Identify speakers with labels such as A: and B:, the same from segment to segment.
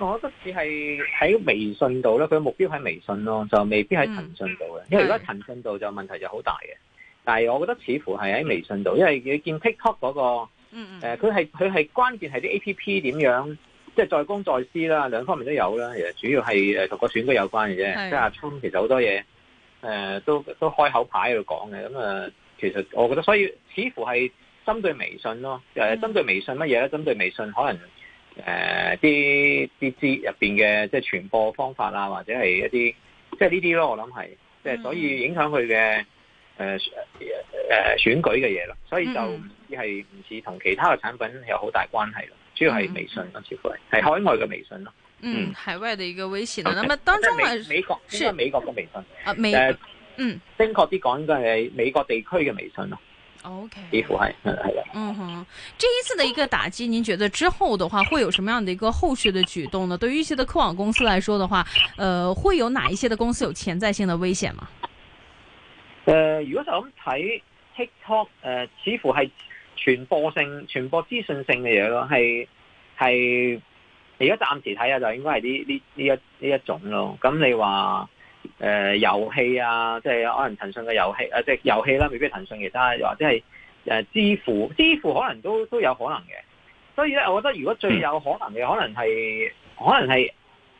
A: 我覺得只係喺微信度咧，佢嘅目標喺微信咯，就未必喺騰訊度嘅。嗯、因為如果騰訊度就問題就好大嘅。是的但係我覺得似乎係喺微信度，因為你見 TikTok 嗰、那個誒，佢係佢係關鍵係啲 A P P 點樣，即、就、係、是、在公在私啦，兩方面都有啦。其實主要係誒同個選舉有關嘅啫。的即係阿侵其實好多嘢誒、呃、都都開口牌喺度講嘅。咁、嗯、啊、呃，其實我覺得所以似乎係針對微信咯，誒、呃、針對微信乜嘢咧？針對微信可能。誒，啲啲資入邊嘅即係傳播方法啊，或者係一啲即係呢啲咯，我諗係即係所以影響佢嘅誒誒選舉嘅嘢咯。所以就唔知係唔似同其他嘅產品有好大關係咯，主要係微信似乎係係海外嘅微信咯，嗯，嗯，
B: 海外嘅一個微信咯，咁啊當中係
A: 美國，是應該美國嘅微信啊美、呃、美嗯，精確啲講應該係美國地區嘅微信咯。O K，幾乎係
B: ，okay，嗯哼，呢一次嘅一個打擊，您覺得之後嘅話會有什麼樣的一個後續嘅舉動呢？對於一些嘅科網公司嚟說嘅話，呃，會有哪一些嘅公司有潛在性嘅危險嗎？
A: 誒、呃，如果咁睇 TikTok，誒、呃，似乎係傳播性、傳播資訊性嘅嘢咯，係係而家暫時睇下就應該係呢呢呢一呢一種咯。咁、嗯、你話？誒、呃、遊戲啊，即、就、係、是、可能騰訊嘅遊戲啊，即、呃、係遊戲啦，未必騰訊其他，或者係、呃、支付，支付可能都都有可能嘅。所以咧，我覺得如果最有可能嘅，可能係、嗯、可能係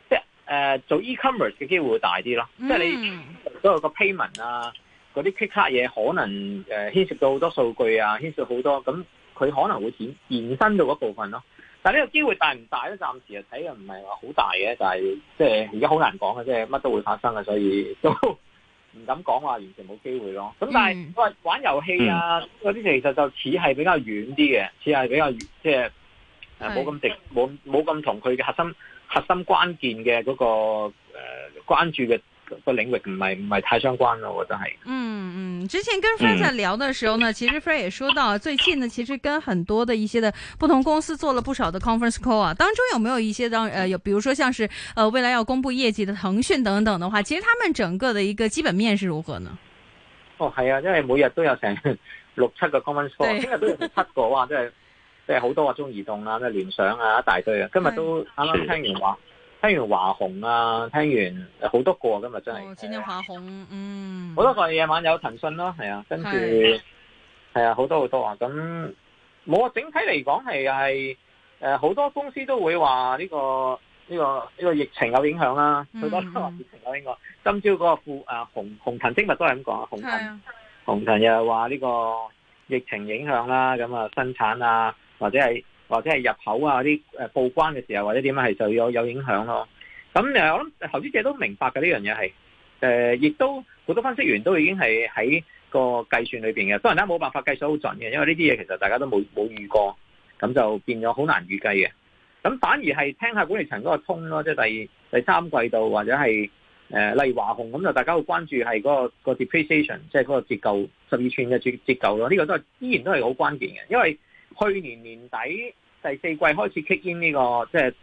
A: 即係做 e-commerce 嘅機會會大啲咯。即係你所有個 payment 啊，嗰啲 quick card 嘢，可能誒、呃、牽涉到好多數據啊，牽涉到好多，咁佢可能會延延伸到嗰部分咯。但呢個機會大唔大咧？暫時啊睇嘅唔係話好大嘅，但係即係而家好難講嘅，即係乜都會發生嘅，所以都唔敢講話完全冇機會咯。咁但係佢話玩遊戲啊嗰啲，其實就似係比較遠啲嘅，似係比較遠，即係誒冇咁直冇冇咁同佢嘅核心核心關鍵嘅嗰個誒關注嘅。個領域唔係唔係太相關咯，我覺得係。
B: 嗯嗯，之前跟 Fraser 在聊的時候呢，嗯、其實 Fraser 也說到，最近呢，其實跟很多的一些的不同公司做了不少的 conference call 啊，當中有沒有一些當，呃，有，比如說像是，呃，未來要公布業績的騰訊等等的話，其實他們整個的一個基本面是如何呢？
A: 哦，係啊，因為每日都有成六七個 conference call，今日對都有七個啊，即係即係好多啊，中移動啊，即係聯想啊，一大堆啊，今日都啱啱聽完話。對嗯聽完華虹啊，聽完好多個，今日真係。華虹嗯。好多個夜晚有騰訊咯，係啊，跟住係的啊，好多好多啊。咁我整體嚟講係係誒，好、呃、多公司都會話呢、這個呢、這個呢、這個疫情有影響啦、啊，好、嗯、多都話疫情有影響。嗯、今朝嗰個富誒鴻鴻騰精密都係咁講啊，鴻
C: 騰鴻騰又係話
A: 呢個疫情影響啦、啊，咁啊生產啊或者係。或者係入口啊啲誒報關嘅時候，或者點樣係就有有影響咯。咁我諗投資者都明白嘅呢樣嘢係誒，亦、呃、都好多分析員都已經係喺個計算裏邊嘅。當然啦，冇辦法計數好準嘅，因為呢啲嘢其實大家都冇冇預過，咁就變咗好難預計嘅。咁反而係聽下管理層嗰個通咯，即係第第三季度或者係誒、呃、例如華虹咁，就大家會關注係嗰、嗰個 depreciation，即係嗰個折舊十二寸嘅折折舊咯。呢、呢個都係依然都係好關鍵嘅，因為去年年底。第四季開始 kick in 呢個，即係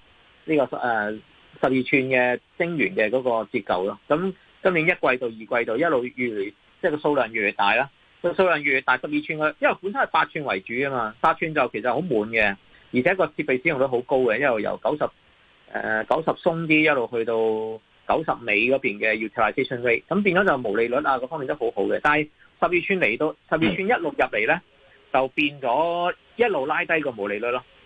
A: 呢個十十二寸嘅晶圓嘅嗰個折舊咯。咁今年一季到二季度一路越嚟，即係個數量越嚟大啦。個數量越嚟大，十二寸嘅，因為本身係八寸為主啊嘛，八寸就其實好滿嘅，而且個設備使用率好高嘅，一路由九十誒九十鬆啲一路去到九十尾嗰邊嘅 utilisation rate，咁變咗就毛利率啊各方面都很好好嘅。但係十二寸嚟到，十二寸一路入嚟咧，就變咗一路拉低個毛利率咯。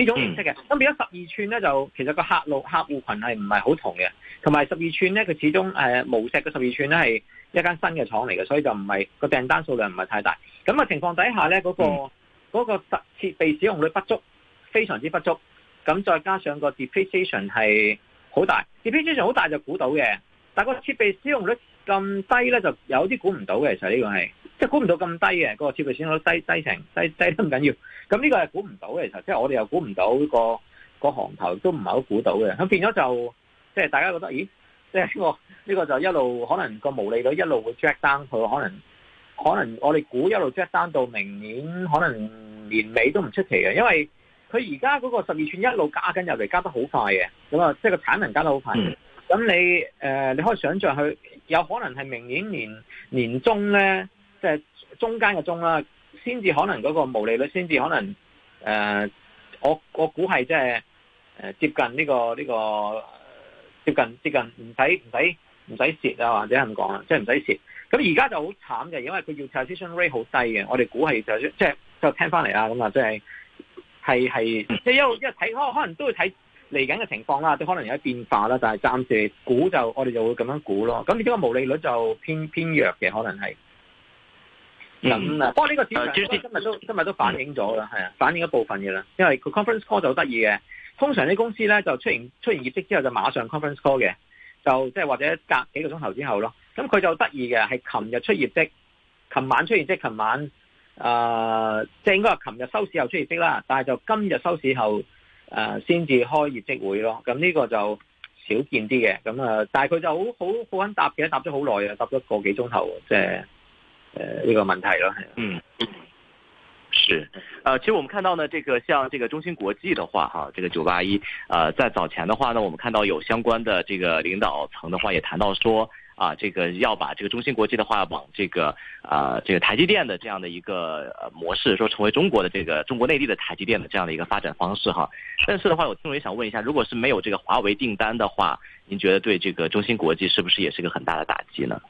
A: 呢種形式嘅，咁變咗十二寸咧就其實個客路客戶群係唔係好同嘅。同埋十二寸咧佢始終誒、呃、無錫嘅十二寸咧係一間新嘅廠嚟嘅，所以就唔係個訂單數量唔係太大。咁嘅情況底下咧，嗰、那個嗰、那個設備使用率不足，非常之不足。咁再加上個 depreciation 係好大 depreciation 好大就估到嘅，但係個設備使用率。咁低咧就有啲估唔到嘅，其實呢個係即係估唔到咁低嘅、嗰個設備線耗低低，低成低低都唔緊要。咁呢個係估唔到嘅，其實即係我哋又估唔到呢、嗰個、嗰個行頭都唔係好估到嘅。咁變咗就即係大家覺得咦，即係呢個呢個就一路可能個毛利率一路會 drag down 佢，可能可能我哋估一路 drag down 到明年可能年尾都唔出奇嘅，因為佢而家嗰個十二寸一路加緊入嚟，加得好快嘅，咁啊即係個產能加得好快。咁你、嗯呃、你可以想象去。有可能係明年年年中咧，即、就、係、是、中間嘅中啦，先至可能嗰個毛利率先至可能誒、呃，我我估係即係誒接近呢、這個呢、這個、呃、接近接近唔使唔使唔使蝕啊，或者咁講啊，即係唔使蝕。咁而家就好慘嘅，因為佢要 transition rate 好低嘅，我哋估係就即係就，就，就，就，就聽翻嚟啦，咁啊、就是，即係係係即係因為睇可可能都會睇。嚟緊嘅情況啦，都可能有啲變化啦，但係暫時估就我哋就會咁樣估咯。咁呢個毛利率就偏偏弱嘅，可能係。
B: 咁
A: 啊，不過呢個市場誒，今日都今日都反映咗啦，啊，反映一部分嘅啦。因為佢 conference call 就好得意嘅，通常啲公司咧就出完出完業績之後就馬上 conference call 嘅，就即係或者隔幾個鐘頭之後咯。咁佢就得意嘅係琴日出業績，琴晚出業績，琴晚誒，即、呃、係應該係琴日收市後出業績啦。但係就今日收市後。誒，先至，呃、開業績會咯，咁，嗯、呢、這個就少見啲嘅，咁，嗯、啊，但係佢就好好好揾答嘅，答咗好耐啊，答咗個幾鐘
C: 頭，即係誒呢個問題咯。嗯嗯，是，誒，呃，其實我們看到呢，這個像這個中芯國際的話，哈，這個九八一，誒，在早前的話呢，我們看到有相關的這個領導層的話，也談到說。啊，這個要把這個中芯國際的話往這個啊、呃、這個台積電的這樣的一個呃模式，說成為中國的這個中國內地的台積電的這樣的一個發展方式哈。但是的話，我聽眾也想問一下，如果是沒有這個華為訂單的話，您覺得對這個中芯國際是不是也是個很大的打擊呢？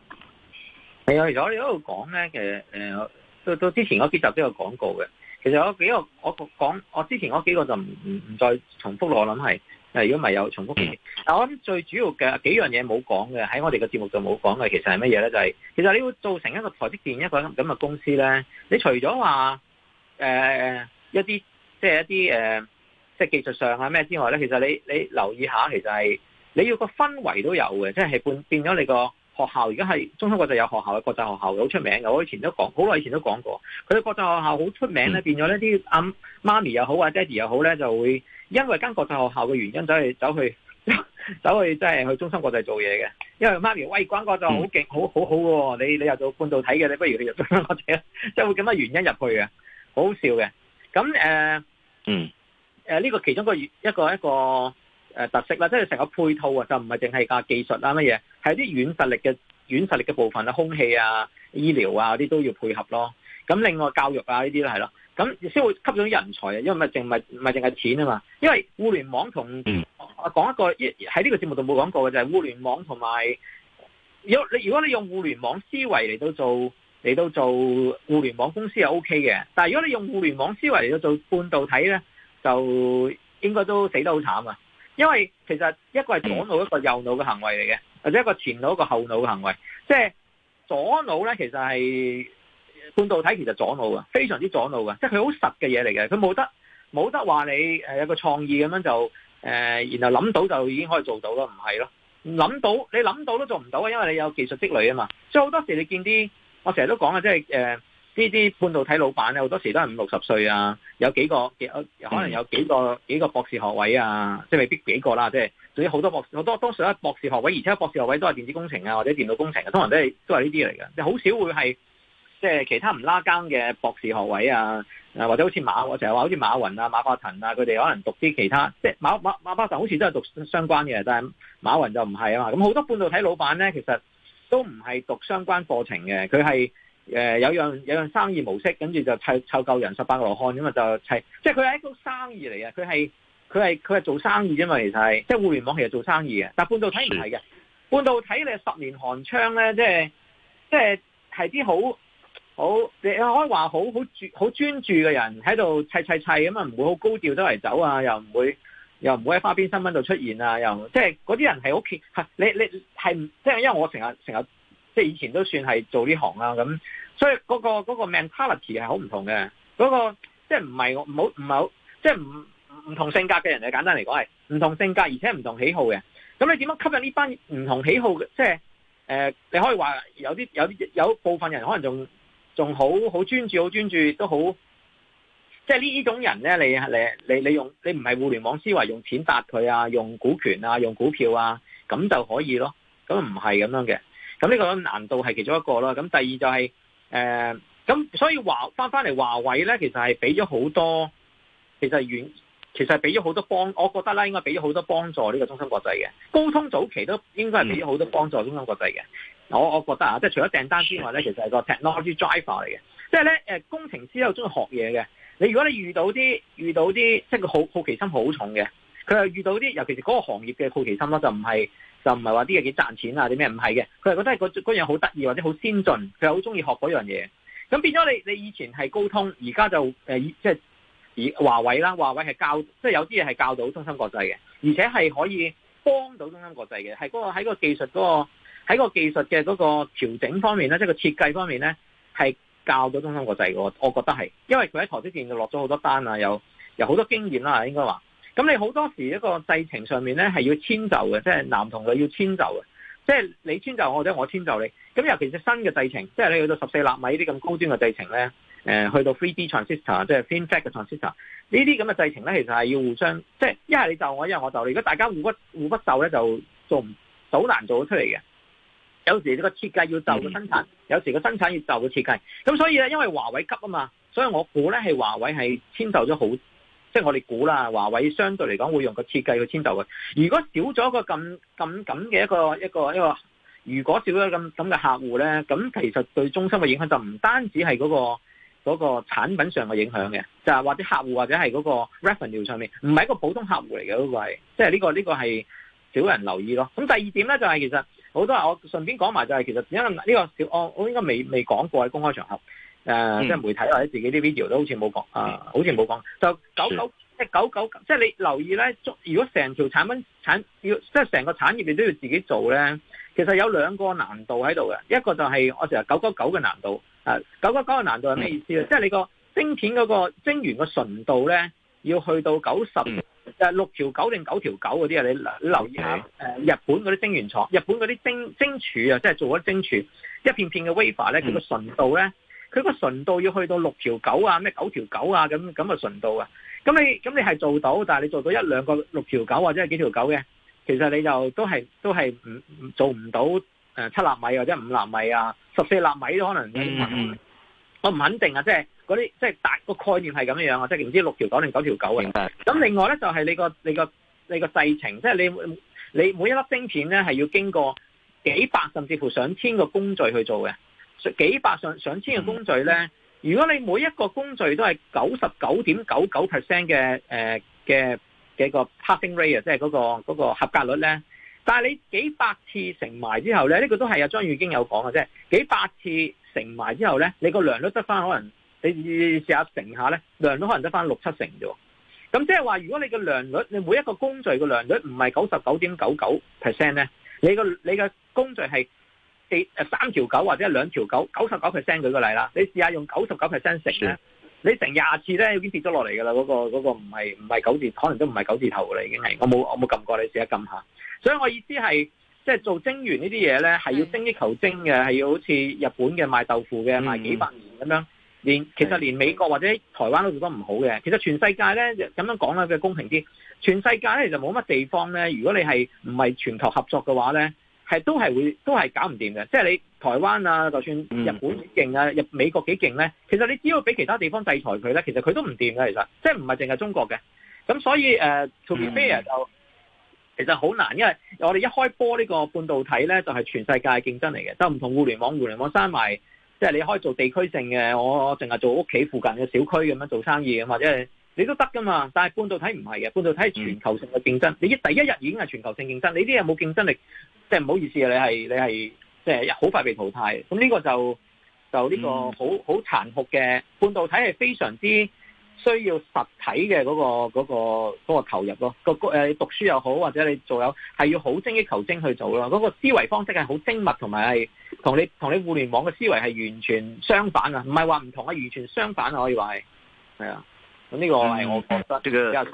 A: 係啊、哎這個，其實我哋喺度講呢，其實誒，到、呃、到之前嗰幾集都有講過嘅。其實我幾個我講，我之前嗰幾個就唔唔唔再重複咯。我諗係。誒，如果唔係有重複嘅，但我諗最主要嘅幾樣嘢冇講嘅，喺我哋嘅節目就冇講嘅，其實係乜嘢咧？就係、是、其實你要造成一個台積電一個咁嘅公司咧，你除咗話誒一啲即係一啲誒、呃、即係技術上啊咩之外咧，其實你你留意一下，其實係你要個氛圍都有嘅，即係係變變咗你個。學校而家係中芯國際有學校嘅國際學校好出名嘅，我以前都講，好耐以前都講過，佢哋國際學校好出名咧，變咗呢啲阿媽咪又好，阿爹哋又好咧，就會因為跟國際學校嘅原因走去走去走去，即係去,去,、就是、去中芯國際做嘢嘅。因為媽咪喂，關國際好勁，好好好、哦、嘅，你你又做半導體嘅，你不如你入中芯國際，即 係會咁嘅原因入去嘅，好,好笑嘅。咁誒，呃、嗯，誒呢、呃這個其中個一個一個。一個一個誒，特色啦，即係成個配套啊，就唔係淨係架技術啊乜嘢，係啲軟實力嘅軟實力嘅部分啊，空氣啊、醫療啊啲都要配合咯。咁另外教育啊呢啲啦係咯，咁先會吸引人才啊，因為咪係淨係，唔係淨係錢啊嘛。因為互聯網同，我講、嗯、一個喺呢個節目度冇講過嘅就係、是、互聯網同埋，有你如果你用互聯網思維嚟到做嚟到做互聯網公司係 O K 嘅，但係如果你用互聯網思維嚟到做半導體咧，就應該都死得好慘啊！因為其實一個係左腦一個右腦嘅行為嚟嘅，或者一個前腦一個後腦嘅行為，即係左腦呢，其實係半導體其實左腦啊，非常之左腦噶，即係佢好實嘅嘢嚟嘅，佢冇得冇得話你誒有個創意咁樣就誒、呃、然後諗到就已經可以做到咯，唔係咯，諗到你諗到都做唔到啊，因為你有技術積累啊嘛，所以好多時你見啲我成日都講啊，即係誒。呃呢啲半導體老闆咧，好多時都係五六十歲啊，有幾個，幾個可能有幾個幾個博士學位啊，即係未必幾個啦，即係總之好多博士多多數咧博士學位，而且博士學位都係電子工程啊或者電腦工程啊，通常都係都係呢啲嚟嘅，好少會係即係其他唔拉更嘅博士學位啊，或者好似馬我成日話好似馬雲啊、馬化騰啊，佢哋可能讀啲其他，即係馬馬馬化騰好似都係讀相關嘅，但係馬雲就唔係啊嘛，咁好多半導體老闆咧，其實都唔係讀相關課程嘅，佢係。誒有樣有樣生意模式，跟住就湊湊夠人十八個羅漢咁啊，就砌，即係佢係一個生意嚟啊！佢係佢係佢係做生意啫嘛，其實係即係互聯網，其實做生意嘅。但半導體唔係嘅，的半導體你十年寒窗咧，即係即係係啲好好，你可以話好好專好專注嘅人喺度砌砌砌咁啊，唔會好高調周圍走啊，又唔會又唔會喺花邊新聞度出現啊，又即係嗰啲人係屋企嚇你你係唔即係因為我成日成日即係以前都算係做呢行啊咁。所以嗰個嗰個 mentality 係好唔同嘅，嗰個即係唔係我唔好唔好，即係唔唔同性格嘅人嚟。簡單嚟講係唔同性格，而且唔同喜好嘅。咁你點樣吸引呢班唔同喜好嘅？即係誒，你可以話有啲有啲有部分人可能仲仲好好專注，好專注都好。即係呢呢種人咧，你你你你用你唔係互聯網思維，用錢搭佢啊，用股權啊，用股票啊，咁就可以咯。咁唔係咁樣嘅。咁呢個難度係其中一個咯。咁第二就係。誒，咁、呃、所以話返返嚟華為咧，其實係俾咗好多，其實係遠，其實係俾咗好多幫。我覺得啦，應該俾咗好多幫助呢個中芯國際嘅。高通早期都應該係俾咗好多幫助中芯國際嘅。我我覺得啊，即係除咗訂單之外咧，其實係個 technology driver 嚟嘅。即係咧，誒，工程師又中意學嘢嘅。你如果你遇到啲遇到啲，即係個好好奇心好重嘅，佢又遇到啲，尤其是嗰個行業嘅好奇心啦，就唔係。就唔係話啲嘢幾賺錢啊？啲咩唔係嘅，佢係覺得係嗰嗰樣好得意或者好先進，佢好中意學嗰樣嘢。咁變咗你，你以前係高通，而家就即係以華為啦，華為係教，即係有啲嘢係教到中芯國際嘅，而且係可以幫到中芯國際嘅，係喺個個技術嗰個喺個個技術嘅嗰個調整方面咧，即係個設計方面咧係教到中芯國際嘅。我覺得係，因為佢喺台積電就落咗好多單啊，有有好多經驗啦，應該話。咁你好多時一個製程上面咧係要遷就嘅，即係男同女要遷就嘅，即係你遷就我或者我遷就你。咁尤其是新嘅製程，即係你去到十四納米呢啲咁高端嘅製程咧，誒去到 three D transistor 即係 finfet 嘅 transistor 呢啲咁嘅製程咧，其實係要互相即係一係你就我，一係我就你。如果大家互不互不就咧，就做唔好難做得出嚟嘅。有時呢個設計要就個生產，有時個生產要就個設計。咁所以咧，因為華為急啊嘛，所以我估咧係華為係遷就咗好。即係我哋估啦，華為相對嚟講會用個設計去遷就佢。如果少咗一個咁咁咁嘅一個一個一個，一個，如果少咗咁咁嘅客戶咧，咁其實對中心嘅影響就唔單止係嗰、那個嗰、那個產品上嘅影響嘅，就係、是、或者客戶或者係嗰個 revenue 上面，唔係一個普通客戶嚟嘅嗰個係，即係呢、這個呢、這個係少人留意咯。咁第二點咧就係、是、其實好多人我順便講埋就係、是、其實因為呢、這個小安我應該未未講過喺公開場合。誒，呃嗯、即係媒體或者自己啲 video 都好似冇講啊，好似冇講。就九九的即係九九，即係你留意咧。如果成條產品產要，即係成個產業你都要自己做咧。其實有兩個難度喺度嘅，一個就係我成日九九九嘅難度啊，九九九嘅難度係咩意思咧？嗯、即係你晶個晶片嗰個晶圓嘅純度咧，要去到九十誒六條九定九條九嗰啲啊！你留意下誒日本嗰啲晶圓廠，日本嗰啲晶日本晶，晶柱啊，即係做咗晶柱，一片片嘅 wafer 咧，佢個純度咧。佢個純度要去到六條九啊，咩九條九啊，咁咁嘅純度啊！咁你咁你係做到，但係你做到一兩個六條九或者係幾條九嘅，其實你就都係都係唔做唔到誒七納米或者五納米啊，十四納米都可能有啲問題，mm hmm. 我唔肯定啊，即係嗰啲即係大、嗰個概念係咁樣啊，即係唔知六條九定九條九嘅。明白。咁另外咧就係、係、你個你個你個製程，即、就、係、係、你你每一粒晶片咧係要經過幾百甚至乎上千個工序去做嘅。幾百上上千嘅工序咧，如果你每一個工序都係九十九點九九 percent 嘅誒嘅嘅個 passing rate，即係嗰個嗰個合格率咧，但係你幾百次乘埋之後咧，呢個都係阿張宇經有講嘅啫。幾百次乘埋之後咧，你個良率得返可能你試，試乘下乘下咧，良率可能得返六七成啫。咁即係話，如果你個良率，你每一個工序嘅良率唔係九十九點九九 percent 咧，你個你嘅工序係。誒三條九或者兩條九九十九 percent 舉個例啦，你試下用九十九 percent 乘咧，你成廿次咧已經跌咗落嚟噶啦，嗰、嗰個嗰個唔係唔係九字，可能都唔係九字頭啦，已經係我冇我冇撳過，你試下撳下，所以我意思係即係做晶圓呢啲嘢咧，係要精益求精嘅，係要好似日本嘅賣豆腐嘅賣幾百年咁樣連，其實連美國或者台灣都做得唔好嘅，其實全世界咧咁樣講咧比較公平啲，全世界咧就冇乜地方咧，如果你係唔係全球合作嘅話咧。係都係會都係搞唔掂嘅，即係你台灣啊，就算日本勁啊，日美國幾勁咧，其實你只要俾其他地方制裁佢咧，其實佢都唔掂嘅。其實即係唔係淨係中國嘅，咁所以誒，uh，to be fair 就其實好難，因為我哋一開波呢個半導體咧，就係全世界競爭嚟嘅，就唔同互聯網，互聯網閂埋，即係你可以做地區性嘅，我我淨係做屋企附近嘅小區咁樣做生意，或者係你都得噶嘛。但係半導體唔係嘅，半導體係全球性嘅競爭，你一第一日已經係全球性競爭，你啲人冇競爭力，即係唔好意思啊！你係你係即係好快被淘汰，咁呢個就就呢個好好殘酷嘅半導體係非常之需要實體嘅嗰個嗰個嗰個投入咯。個個誒讀書又好，或者你做有係要好精益求精去做咯。嗰個思維方式係好精密同埋係同你同你互聯網嘅思維係完全相反啊！唔係話唔同啊，完全相反啊！可以話係係
C: 啊。咁呢個係。我覺得嗯這個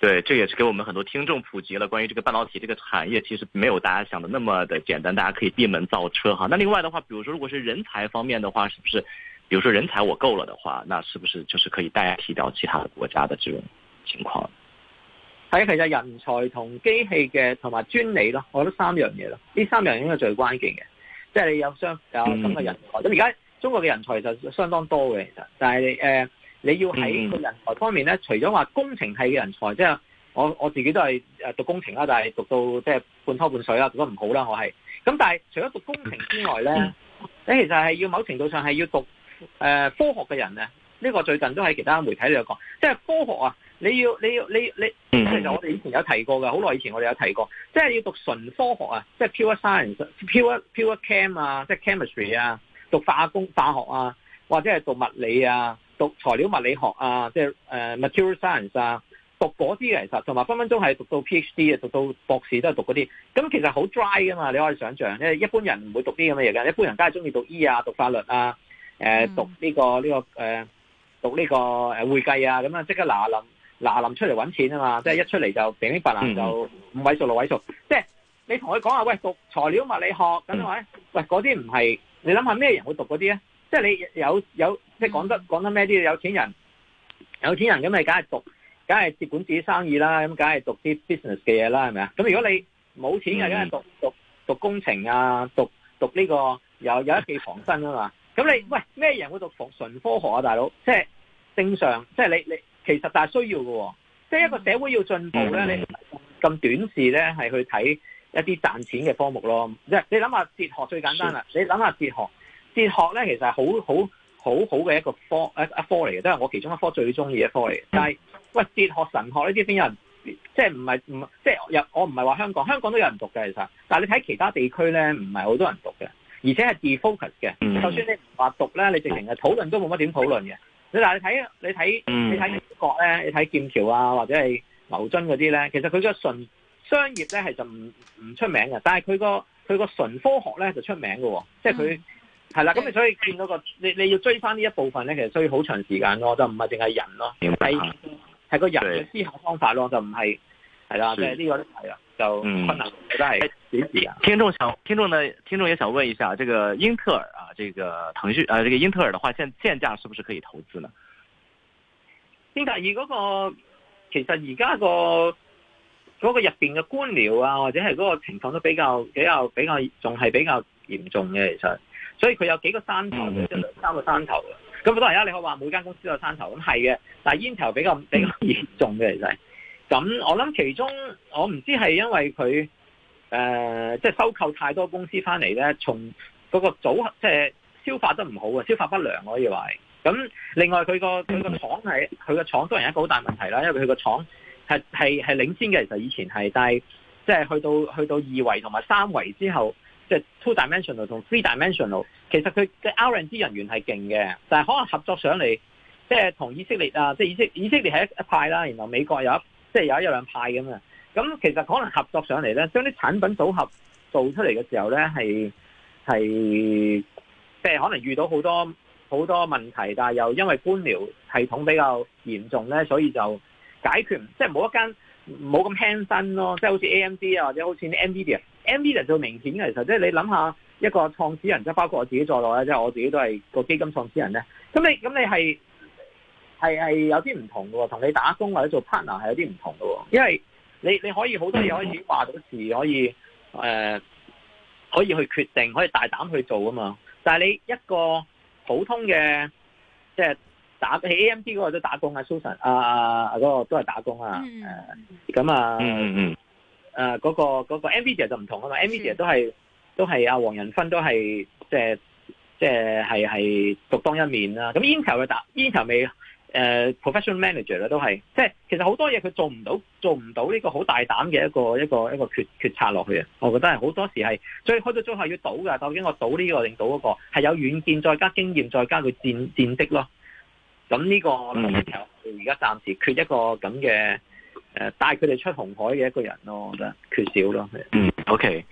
C: 對，這也是給我們很多聽眾普及了關於這個半導體這個產業，其實沒有大家想的那麼的簡單，大家可以閉門造車哈。那另外的話，比如說如果是人才方面的話，是不是，比如說人才我夠了的話，那是不是就是可以代替掉其他的國家的這種情況？
A: 係啊，其實人才同機器嘅同埋專利咯，我覺得三樣嘢咯，呢三樣應該最關鍵嘅，即係你有相有咁嘅人才。咁而家中國嘅人才就相當多嘅，其實，但係誒。呃你要喺個人才方面咧，除咗話工程系嘅人才，即係我我自己都係誒讀工程啦，但係讀到即係半拖半水啦，讀得唔好啦，我係。咁但係除咗讀工程之外咧，你其實係要某程度上係要讀誒科學嘅人咧。呢個最近都喺其他媒體都有講，即係科學啊，你要你要你要你，其實我哋以前有提過嘅，好耐以前我哋有提過，即係要讀純科學啊，即係 pure science、pure pure chem 啊，即係 chemistry 啊，讀化工、化學啊，或者係讀物理啊。讀材料物理學啊，即係誒、呃、material science 啊，讀嗰啲嘅其實，同埋分分鐘係讀到 PhD 啊，讀到博士都係讀嗰啲。咁其實好 dry 噶嘛，你可以想象，因為一般人唔會讀啲咁嘅嘢嘅，一般人梗係中意讀醫啊、讀法律啊、誒讀呢、這個呢、嗯這個誒讀呢、這個誒會計啊咁樣即刻嗱臨嗱臨出嚟揾錢啊嘛，即係一出嚟就頂天立地就五位數六位數。即係你同佢講下：「喂，讀材料物理學咁樣、嗯、喂，喂嗰啲唔係你諗下咩人會讀嗰啲呢？即係你有有。有即係講得講得咩啲有錢人，有錢人咁咪梗係讀，梗係接管自己生意啦，咁梗係讀啲 business 嘅嘢啦，係咪啊？咁如果你冇錢嘅，梗係讀讀讀工程啊，讀讀呢個有有一技傍身啊嘛。咁你喂咩人會讀純科學啊，大佬？即係正常，即係你你其實大需要喎。即係一個社會要進步咧，你咁短視咧係去睇一啲賺錢嘅科目咯。即係你諗下哲學最簡單啦，你諗下哲學，哲學咧其實係好好。好好嘅一個科，一、啊、科嚟嘅，都係我其中一科最中意嘅科嚟嘅。但係喂，哲學、神學呢啲邊有人，即係唔係唔即係又？我唔係話香港，香港都有人讀嘅其實。但係你睇其他地區咧，唔係好多人讀嘅，而且係 defocus 嘅。Mm hmm. 就算你唔話讀咧，你直情係討論都冇乜點討論嘅。你但你睇你睇你睇英國咧，你睇劍橋啊或者係牛津嗰啲咧，其實佢個純商業咧係就唔唔出名嘅，但係佢個佢個純科學咧就出名嘅，即係佢。Mm hmm. 係啦，咁你所以見到個，你你要追翻呢一部分咧，其實需要好長時間咯，就唔係淨係人咯，係係、啊、個
C: 人嘅思考方法咯，對就唔係係啦，對呢的個就困難，大家係點事啊？聽眾想，聽眾呢，聽眾也想問一下，這個英特爾啊，這個騰訊啊，這個英特爾的話，現現價是不是可以投資呢？
A: 英特爾嗰個，其實而家、嗰個、嗰個入邊嘅官僚啊，或者係嗰個情況都比較比較比較，仲係比較嚴重嘅，其實。所以佢有幾個山頭，即係、三個山頭咁好多人家你可以話每間公司都有山頭，咁係嘅。但煙頭比較比較嚴重嘅，其實咁我諗其中，我唔知係因為佢即係收購太多公司翻嚟咧，從嗰個組合，即係消化得唔好啊，消化不良我可以話。咁另外佢個佢個廠係佢個廠都係一個好大問題啦，因為佢個廠係係係領先嘅，其實以前係，但係即係去到去到二維同埋三維之後。即係 two dimensional 同 three dimensional，其實佢嘅 R&D 人員係勁嘅，但係可能合作上嚟，即係同以色列啊，即係以色列係一派啦，然後美國有一即係有一兩派咁啊。咁其實可能合作上嚟咧，將啲產品組合做出嚟嘅時候咧，係係即係可能遇到好多好多問題，但係又因為官僚系統比較嚴重咧，所以就解決即係冇一間冇咁輕身咯，即係好似 AMD 啊，或者好似啲 NVIDIA。AMD 人 r 明顯嘅其實即係你諗下一個創始人，即係包括我自己在內咧，即、就、係、是、我自己都係個基金創始人咧。咁你咁你係係係有啲唔同㗎喎，同你打工或者做 partner 係有啲唔同㗎喎。因為你你可以好多嘢可以話到時，可以誒、呃、可以去決定，可以大膽去做啊嘛。但係你一個普通嘅即係打起 AMD 嗰個都打工啊，Susan 啊啊嗰、那個都係打工、呃、啊。咁啊、mm。嗯嗯。誒，嗰、呃那個嗰、那個 NVIDIA 就唔同啊嘛，NVIDIA 都係都係阿黃仁勳都係即係即係係係獨當一面啦。咁 Intel 嘅大 Intel 嘅誒、呃、professional manager 咧都係，即係其實好多嘢佢做唔到，做唔到呢個好大膽嘅一個一個一個決決策落去啊！我覺得係好多時係，所以開到最後要賭噶，究竟我賭呢個定賭嗰、那個，係有遠見，再加經驗，再加佢戰戰績咯。咁呢、這個 Intel 佢而家暫時缺一個咁嘅。誒，帶佢哋出紅海嘅一個人咯，我覺得缺少咯。嗯，OK。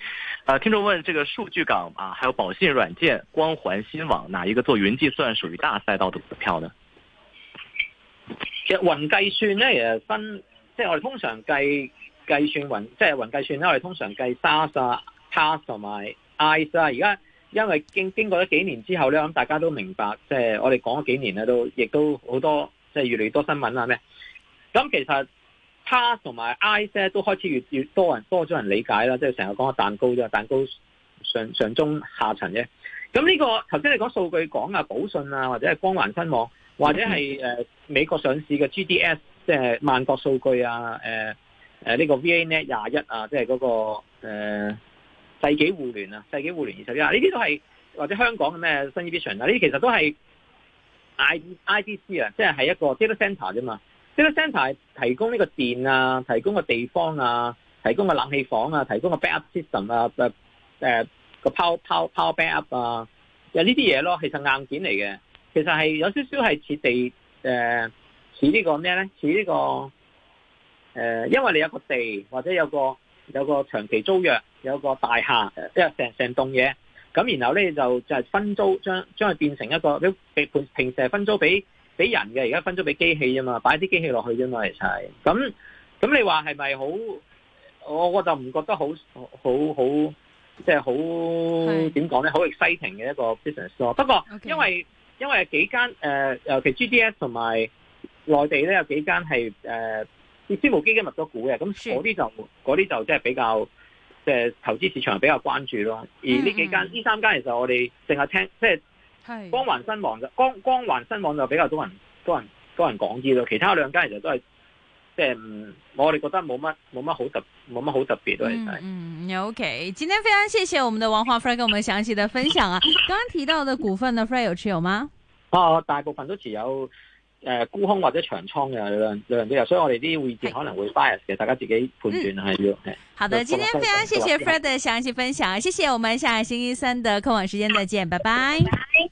C: 啊，聽眾問：這個數據港啊，還有寶信軟件、光環新網，哪一個做雲計算屬於大賽道的股票呢，
A: 其實雲計算呢？其實雲計算咧，誒，分，即係我哋通常計計算雲，即係雲計算咧，我哋通常計 SaaS 啊、PaaS 同埋 IaaS、啊、而家因為經經過咗幾年之後咧，咁大家都明白，即係我哋講咗幾年咧，也都亦都好多，即係越嚟越多新聞啦咩？咁其實。差同埋 ISET 都開始越越多人多咗人理解啦，即係成日講個蛋糕啫，蛋糕上上中下層啫。咁呢、呢個頭先你講數據講啊，寶信啊，或者係光環新網，或者係誒、呃、美國上市嘅 GDS，即係萬國數據啊，誒誒呢個 VNET 呢廿一啊，即係嗰個、呃、世紀互聯啊，世紀互聯二十一啊，呢啲都係或者香港嘅咩 SUNeVision 啊，呢啲其實都係 IDIDC 啊，即係係一個 data center 啫嘛。呢個 center 提供呢個電啊，提供個地方啊，提供個冷氣房啊，提供個 backup system 啊，誒誒個 power power, power backup 啊，就呢啲嘢咯，其實係硬件嚟嘅，其實係有少少係似地誒、呃，似呢個咩咧？似呢個誒，因為你有個地或者有個有個長期租約，有一個大廈即係成成棟嘢，咁然後咧就就係分租，將將佢變成一個，平平時係分租俾。俾人嘅，而家分咗俾機器啫嘛，擺啲機器落去啫嘛，其實係咁咁。咁你話係咪好？我我就唔覺得好好好，即係好點講咧，好 exciting 嘅一個 business 咯。不過 Okay. 因為因為幾間誒、呃，尤其 G D S 同埋內地咧有幾間係誒啲私募基金入咗股嘅，咁嗰啲就啲是就即係比較即係、就是、投資市場比較關注咯。而呢幾間呢、嗯嗯、三間其實我哋淨係聽即係。就是光環新網，光光環新網就比較多人多人多人講啲咯。其他兩間其實都係即係，我哋覺得冇乜冇乜好特冇乜好特別咯、
B: 嗯。嗯，OK，今天非常謝謝我們的王華 Fred 跟我們詳細的分享啊。剛剛提到的股份，的、嗯、Fred 有持有嗎、
A: 啊？大部分都持有誒，沽、呃、空或者長倉嘅兩兩都有，所以我哋啲意見可能會 bias 嘅，嗯、大家自己判斷係要。嗯、好的，今天非常新謝謝 Fred
B: 嘅詳細分享，嗯、謝謝我們下星期三的空網時間再見，拜拜。拜拜。